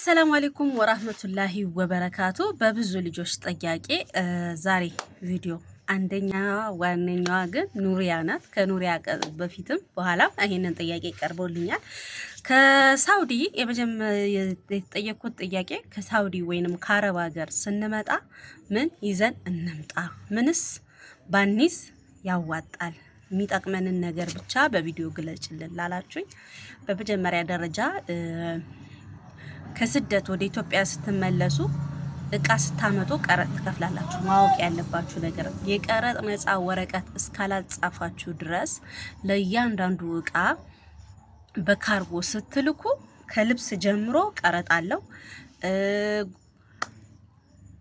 አሰላሙ አሌይኩም ወራህመቱላሂ ወበረካቱ። በብዙ ልጆች ጥያቄ ዛሬ ቪዲዮ አንደኛ ዋነኛዋ ግን ኑሪያ ናት። ከኑሪያ በፊትም በኋላም ይሄንን ጥያቄ ቀርቦልኛል። ከሳውዲ የተጠየቅኩት ጥያቄ ከሳውዲ ወይንም ከአረብ ሀገር ስንመጣ ምን ይዘን እንምጣ? ምንስ ባኒስ ያዋጣል? የሚጠቅመንን ነገር ብቻ በቪዲዮ ግለጭልን ላላችሁኝ በመጀመሪያ ደረጃ ከስደት ወደ ኢትዮጵያ ስትመለሱ እቃ ስታመጡ ቀረጥ ትከፍላላችሁ። ማወቅ ያለባችሁ ነገር የቀረጥ ነፃ ወረቀት እስካላጻፋችሁ ድረስ ለእያንዳንዱ እቃ በካርጎ ስትልኩ ከልብስ ጀምሮ ቀረጥ አለው።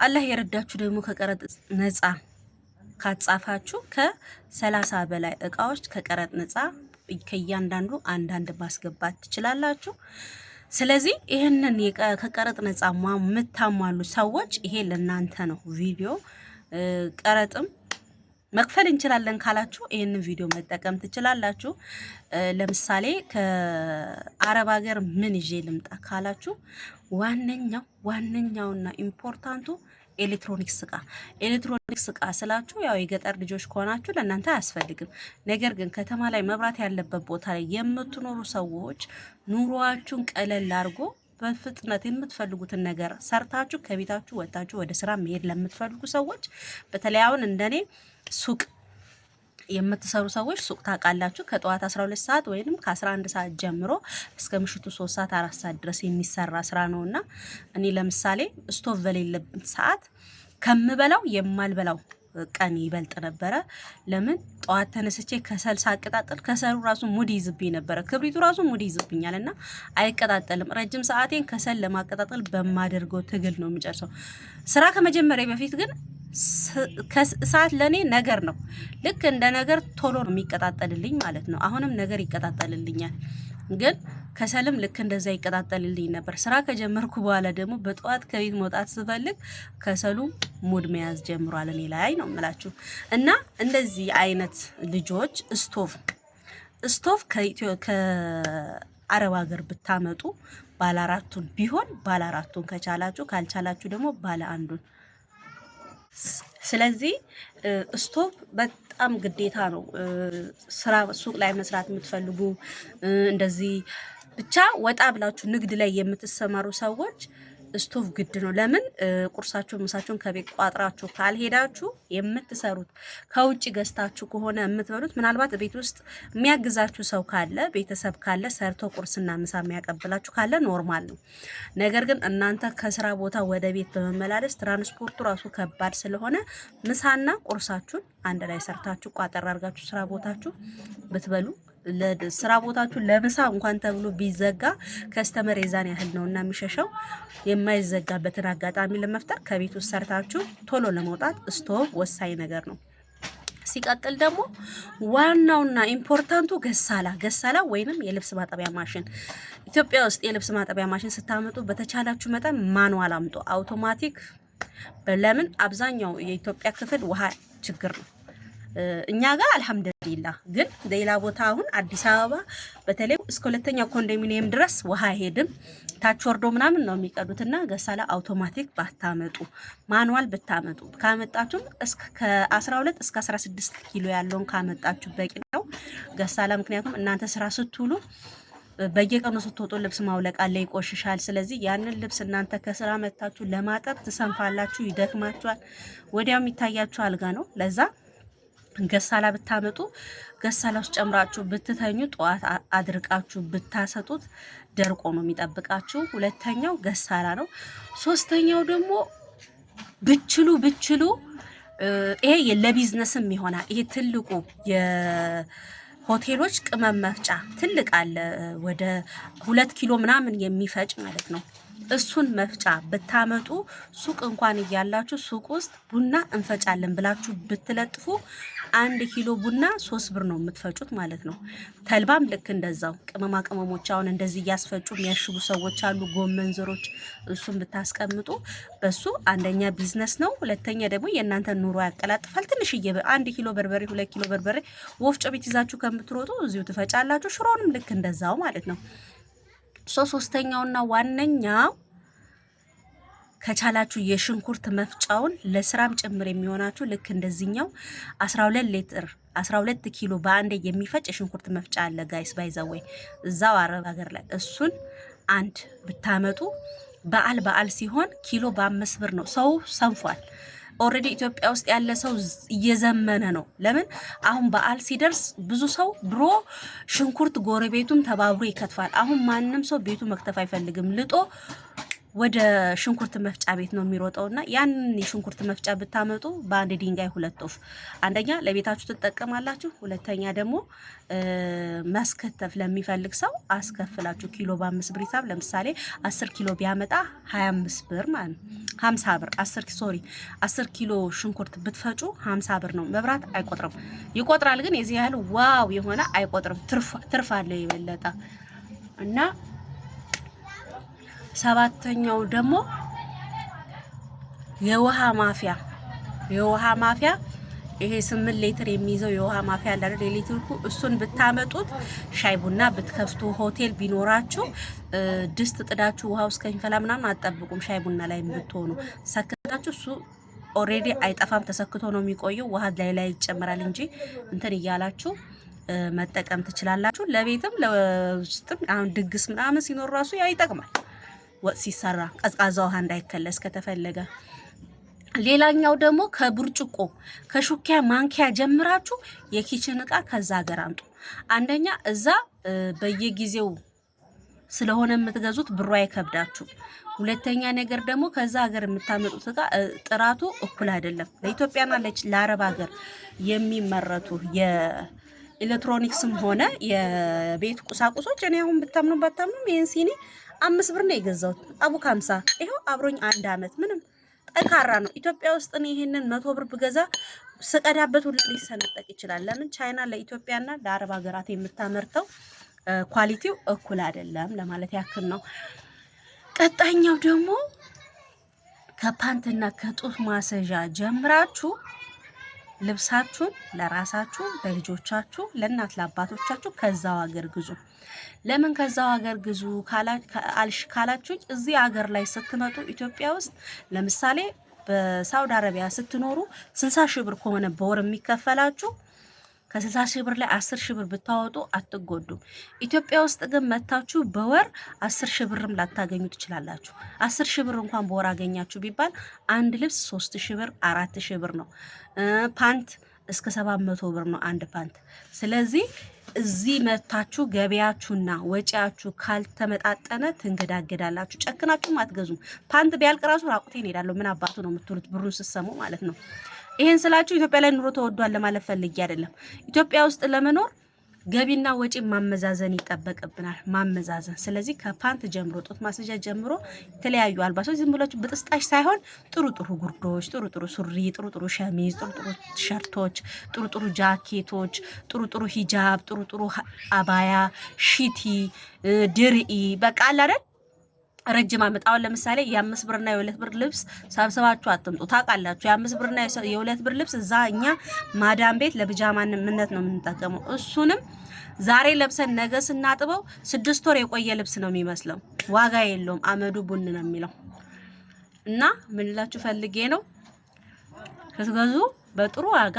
አላህ የረዳችሁ ደግሞ ከቀረጥ ነፃ ካጻፋችሁ ከሰላሳ በላይ እቃዎች ከቀረጥ ነፃ ከእያንዳንዱ አንዳንድ ማስገባት ትችላላችሁ። ስለዚህ ይህንን ከቀረጥ ነጻ የምታሟሉ ሰዎች ይሄ ለእናንተ ነው ቪዲዮ። ቀረጥም መክፈል እንችላለን ካላችሁ ይህንን ቪዲዮ መጠቀም ትችላላችሁ። ለምሳሌ ከአረብ ሀገር ምን ይዤ ልምጣ ካላችሁ ዋነኛው ዋነኛውና ኢምፖርታንቱ ኤሌክትሮኒክስ እቃ ኤሌክትሮኒክስ እቃ ስላችሁ ያው የገጠር ልጆች ከሆናችሁ ለእናንተ አያስፈልግም። ነገር ግን ከተማ ላይ መብራት ያለበት ቦታ ላይ የምትኖሩ ሰዎች ኑሯችሁን ቀለል አድርጎ በፍጥነት የምትፈልጉትን ነገር ሰርታችሁ ከቤታችሁ ወጥታችሁ ወደ ስራ መሄድ ለምትፈልጉ ሰዎች በተለይ አሁን እንደኔ ሱቅ የምትሰሩ ሰዎች ሱቅ ታውቃላችሁ። ከጠዋት 12 ሰዓት ወይም ከ11 ሰዓት ጀምሮ እስከ ምሽቱ 3 ሰዓት፣ አራት ሰዓት ድረስ የሚሰራ ስራ ነው እና እኔ ለምሳሌ ስቶቭ በሌለበት ሰዓት ከምበላው የማልበላው ቀን ይበልጥ ነበረ። ለምን ጠዋት ተነስቼ ከሰል ሳቀጣጠል ከሰሉ ራሱ ሙድ ይዝብኝ ነበረ። ክብሪቱ ራሱ ሙድ ይዝብኛል እና አይቀጣጠልም። ረጅም ሰዓቴን ከሰል ለማቀጣጠል በማደርገው ትግል ነው የሚጨርሰው። ስራ ከመጀመሪያ በፊት ግን እሳት ለእኔ ነገር ነው። ልክ እንደ ነገር ቶሎ ነው የሚቀጣጠልልኝ ማለት ነው። አሁንም ነገር ይቀጣጠልልኛል፣ ግን ከሰልም ልክ እንደዛ ይቀጣጠልልኝ ነበር። ስራ ከጀመርኩ በኋላ ደግሞ በጠዋት ከቤት መውጣት ስፈልግ ከሰሉ ሙድ መያዝ ጀምሯል እኔ ላይ ነው የምላችሁ። እና እንደዚህ አይነት ልጆች ስቶቭ ስቶቭ ከአረብ ሀገር ብታመጡ ባለ አራቱን ቢሆን ባለ አራቱን ከቻላችሁ፣ ካልቻላችሁ ደግሞ ባለ አንዱን ስለዚህ ስቶቭ በጣም ግዴታ ነው። ስራ ሱቅ ላይ መስራት የምትፈልጉ እንደዚህ ብቻ ወጣ ብላችሁ ንግድ ላይ የምትሰማሩ ሰዎች ስቶቭ ግድ ነው። ለምን ቁርሳችሁን ምሳችሁን ከቤት ቋጥራችሁ ካልሄዳችሁ የምትሰሩት ከውጭ ገዝታችሁ ከሆነ የምትበሉት ምናልባት ቤት ውስጥ የሚያግዛችሁ ሰው ካለ ቤተሰብ ካለ ሰርቶ ቁርስና ምሳ የሚያቀብላችሁ ካለ ኖርማል ነው። ነገር ግን እናንተ ከስራ ቦታ ወደ ቤት በመመላለስ ትራንስፖርቱ ራሱ ከባድ ስለሆነ ምሳና ቁርሳችሁን አንድ ላይ ሰርታችሁ ቋጠር አድርጋችሁ ስራ ቦታችሁ ብትበሉ ስራ ቦታችሁ ለምሳ እንኳን ተብሎ ቢዘጋ ከስተመር የዛን ያህል ነው እና የሚሸሸው የማይዘጋበትን አጋጣሚ ለመፍጠር ከቤት ውስጥ ሰርታችሁ ቶሎ ለመውጣት ስቶቭ ወሳኝ ነገር ነው። ሲቀጥል ደግሞ ዋናውና ኢምፖርታንቱ ገሳላ ገሳላ ወይንም የልብስ ማጠቢያ ማሽን ኢትዮጵያ ውስጥ የልብስ ማጠቢያ ማሽን ስታመጡ በተቻላችሁ መጠን ማንዋል አምጡ። አውቶማቲክ ለምን አብዛኛው የኢትዮጵያ ክፍል ውሃ ችግር ነው። እኛ ጋር አልሐምዱሊላ፣ ግን ሌላ ቦታ አሁን አዲስ አበባ በተለይ እስከ ሁለተኛ ኮንዶሚኒየም ድረስ ውሃ ሄድም ታች ወርዶ ምናምን ነው የሚቀዱትና ገሳላ አውቶማቲክ ባታመጡ ማንዋል ብታመጡ ካመጣችሁም ከ12 እስከ 16 ኪሎ ያለውን ካመጣችሁ በቂ ነው ገሳላ። ምክንያቱም እናንተ ስራ ስትውሉ በየቀኑ ስትወጡ ልብስ ማውለቅ አለ፣ ይቆሽሻል። ስለዚህ ያንን ልብስ እናንተ ከስራ መታችሁ ለማጠብ ትሰንፋላችሁ፣ ይደክማችኋል። ወዲያው የሚታያችሁ አልጋ ነው ለዛ ገሳላ ብታመጡ ገሳላ ውስጥ ጨምራችሁ ብትተኙ ጠዋት አድርቃችሁ ብታሰጡት ደርቆ ነው የሚጠብቃችሁ። ሁለተኛው ገሳላ ነው። ሶስተኛው ደግሞ ብችሉ ብችሉ ይሄ ለቢዝነስም ይሆናል። ይሄ ትልቁ የሆቴሎች ቅመም መፍጫ ትልቅ አለ፣ ወደ ሁለት ኪሎ ምናምን የሚፈጭ ማለት ነው። እሱን መፍጫ ብታመጡ ሱቅ እንኳን እያላችሁ ሱቅ ውስጥ ቡና እንፈጫለን ብላችሁ ብትለጥፉ አንድ ኪሎ ቡና ሶስት ብር ነው የምትፈጩት ማለት ነው። ተልባም ልክ እንደዛው ቅመማ ቅመሞች አሁን እንደዚህ እያስፈጩ የሚያሽጉ ሰዎች አሉ። ጎመን ዘሮች፣ እሱን ብታስቀምጡ በሱ አንደኛ ቢዝነስ ነው፣ ሁለተኛ ደግሞ የእናንተ ኑሮ ያቀላጥፋል። ትንሽዬ አንድ ኪሎ በርበሬ፣ ሁለት ኪሎ በርበሬ ወፍጮ ቤት ይዛችሁ ከምትሮጡ እዚሁ ትፈጫላችሁ። ሽሮንም ልክ እንደዛው ማለት ነው። ሶ ሶስተኛውና ዋነኛው ከቻላችሁ የሽንኩርት መፍጫውን ለስራም ጭምር የሚሆናችሁ ልክ እንደዚህኛው 12 ሊትር 12 ኪሎ በአንዴ የሚፈጭ የሽንኩርት መፍጫ አለ ጋይስ ወይ እዛው አረብ ሀገር ላይ እሱን አንድ ብታመጡ በዓል በዓል ሲሆን ኪሎ በአምስት ብር ነው። ሰው ሰንፏል። ኦልሬዲ ኢትዮጵያ ውስጥ ያለ ሰው እየዘመነ ነው። ለምን አሁን በዓል ሲደርስ ብዙ ሰው ድሮ ሽንኩርት ጎረቤቱም ተባብሮ ይከትፋል። አሁን ማንም ሰው ቤቱ መክተፍ አይፈልግም ልጦ ወደ ሽንኩርት መፍጫ ቤት ነው እና ያንን የሽንኩርት መፍጫ ብታመጡ በአንድ ድንጋይ ሁለት ወፍ፣ አንደኛ ለቤታችሁ ትጠቀማላችሁ፣ ሁለተኛ ደግሞ መስከተፍ ለሚፈልግ ሰው አስከፍላችሁ ኪሎ በአምስት ብር ሂሳብ ለምሳሌ አስር ኪሎ ቢያመጣ ሀያ አምስት ብር ማለት ነው ሀምሳ ብር አስር ሶሪ አስር ኪሎ ሽንኩርት ብትፈጩ ሀምሳ ብር ነው። መብራት አይቆጥርም፣ ይቆጥራል ግን የዚህ ያህል ዋው የሆነ አይቆጥርም። ትርፍ አለው የበለጠ እና ሰባተኛው ደግሞ የውሃ ማፊያ የውሃ ማፊያ ይሄ ስምንት ሌትር የሚይዘው የውሃ ማፊያ አለ አይደል? የሌትርኩ እሱን ብታመጡት ሻይ ቡና ብትከፍቱ ሆቴል ቢኖራችሁ ድስት ጥዳችሁ ውሃ እስከሚፈላ ምናምን አትጠብቁም። ሻይ ቡና ላይ ብትሆኑ ሰክታችሁ እሱ ኦሬዲ አይጠፋም፣ ተሰክቶ ነው የሚቆየው። ውሃ ላይ ላይ ይጨምራል እንጂ እንትን እያላችሁ መጠቀም ትችላላችሁ። ለቤትም ለውስጥም አሁን ድግስ ምናምን ሲኖር ራሱ ያ ይጠቅማል። ወጥ ሲሰራ ቀዝቃዛ ውሃ እንዳይከለስ ከተፈለገ ሌላኛው ደግሞ ከብርጭቆ ከሹኪያ ማንኪያ ጀምራችሁ የኪችን እቃ ከዛ ሀገር አምጡ። አንደኛ እዛ በየጊዜው ስለሆነ የምትገዙት ብሩ አይከብዳችሁ። ሁለተኛ ነገር ደግሞ ከዛ ሀገር የምታመጡት እቃ ጥራቱ እኩል አይደለም። ለኢትዮጵያና ለአረብ ሀገር የሚመረቱ ኤሌክትሮኒክስም ሆነ የቤት ቁሳቁሶች እኔ አሁን ብታምኑ ባታምኑም ይህን ሲኒ አምስት ብር ነው የገዛሁት። አቡ ካምሳ ይኸው አብሮኝ አንድ አመት ምንም ጠንካራ ነው። ኢትዮጵያ ውስጥ እኔ ይሄንን መቶ ብር ብገዛ ስቀዳበት ሁሉ ሊሰነጠቅ ይችላል። ለምን ቻይና ለኢትዮጵያና ለአረብ ሀገራት የምታመርተው ኳሊቲው እኩል አይደለም ለማለት ያክል ነው። ቀጣኛው ደግሞ ከፓንትና ከጡት ማሰዣ ጀምራችሁ ልብሳችሁን ለራሳችሁ፣ ለልጆቻችሁ፣ ለእናት ለአባቶቻችሁ ከዛው ሀገር ግዙ። ለምን ከዛው ሀገር ግዙ ካላችሁ እዚህ ሀገር ላይ ስትመጡ ኢትዮጵያ ውስጥ ለምሳሌ በሳውዲ አረቢያ ስትኖሩ ስልሳ ሺህ ብር ከሆነ በወር የሚከፈላችሁ ከ ሺህ ብር ላይ አስር ሺህ ብር ብታወጡ አትጎዱም። ኢትዮጵያ ውስጥ ግን መታችሁ በወር አስር ሺህ ብርም ላታገኙ ትችላላችሁ። አስር ሺህ ብር እንኳን በወር አገኛችሁ ቢባል አንድ ልብስ ሶስት ሺህ ብር አራት ሺህ ብር ነው። ፓንት እስከ 700 ብር ነው አንድ ፓንት። ስለዚህ እዚህ መታችሁ ገበያችሁና ወጪያችሁ ካልተመጣጠነ ትንገዳገዳላችሁ። ጨክናችሁም አትገዙም። ፓንት ቢያልቅ ራሱ ራቁቴ ሄዳለሁ ምን አባቱ ነው የምትሉት ብሩን ስትሰሙ ማለት ነው። ይሄን ስላችሁ ኢትዮጵያ ላይ ኑሮ ተወዷል ለማለት ፈልጌ አይደለም። ኢትዮጵያ ውስጥ ለመኖር ገቢና ወጪ ማመዛዘን ይጠበቅብናል። ማመዛዘን። ስለዚህ ከፓንት ጀምሮ ጡት ማስያዣ ጀምሮ የተለያዩ አልባሶች ዝም ብሎ ብጥስጣሽ ሳይሆን ጥሩ ጥሩ ጉርዶች፣ ጥሩ ጥሩ ሱሪ፣ ጥሩ ጥሩ ሸሚዝ፣ ጥሩ ጥሩ ሸርቶች፣ ጥሩ ጥሩ ጃኬቶች፣ ጥሩ ጥሩ ሂጃብ፣ ጥሩ ጥሩ አባያ፣ ሺቲ፣ ድርኢ በቃ አለ ረጅም አመት አሁን ለምሳሌ የአምስት ብርና የሁለት ብር ልብስ ሰብስባችሁ አትምጡ። ታውቃላችሁ፣ የአምስት ብርና የሁለት ብር ልብስ እዛ እኛ ማዳም ቤት ለብጃማነት ነው የምንጠቀመው። እሱንም ዛሬ ለብሰን ነገ ስናጥበው ስድስት ወር የቆየ ልብስ ነው የሚመስለው። ዋጋ የለውም፣ አመዱ ቡን ነው የሚለው እና ምንላችሁ ፈልጌ ነው ስትገዙ በጥሩ ዋጋ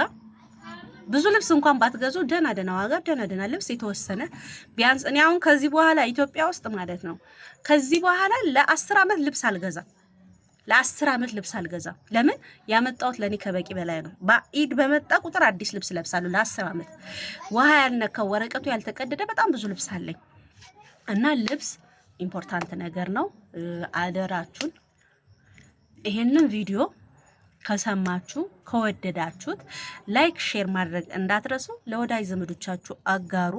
ብዙ ልብስ እንኳን ባትገዙ ደና ደና ዋጋ ደና ደና ልብስ የተወሰነ ቢያንስ እኔ አሁን ከዚህ በኋላ ኢትዮጵያ ውስጥ ማለት ነው ከዚህ በኋላ ለአስር ዓመት ልብስ አልገዛም። ለአስር ዓመት ልብስ አልገዛም። ለምን ያመጣሁት ለእኔ ከበቂ በላይ ነው። በኢድ በመጣ ቁጥር አዲስ ልብስ ለብሳሉ። ለአስር ዓመት ውሃ ያልነካው ወረቀቱ ያልተቀደደ በጣም ብዙ ልብስ አለኝ እና ልብስ ኢምፖርታንት ነገር ነው። አደራችሁን ይሄንን ቪዲዮ ከሰማችሁ ከወደዳችሁት ላይክ ሼር ማድረግ እንዳትረሱ። ለወዳጅ ዘመዶቻችሁ አጋሩ።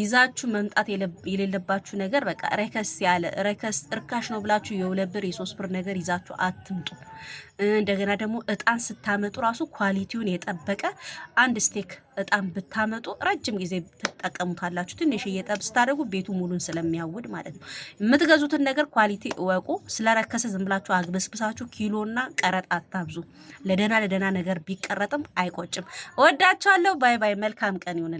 ይዛችሁ መምጣት የሌለባችሁ ነገር በቃ ረከስ ያለ ረከስ እርካሽ ነው ብላችሁ የሁለት ብር የሶስት ብር ነገር ይዛችሁ አትምጡ። እንደገና ደግሞ እጣን ስታመጡ ራሱ ኳሊቲውን የጠበቀ አንድ ስቴክ እጣን ብታመጡ ረጅም ጊዜ ትጠቀሙታላችሁ። ትንሽ እየጠብ ስታደርጉ ቤቱ ሙሉን ስለሚያውድ ማለት ነው። የምትገዙትን ነገር ኳሊቲ እወቁ። ስለረከሰ ዝም ብላችሁ አግበስብሳችሁ ኪሎና ቀረጥ አታብዙ። ለደና ለደና ነገር ቢቀረጥም አይቆጭም። እወዳችኋለሁ። ባይ ባይ። መልካም ቀን ይሁን።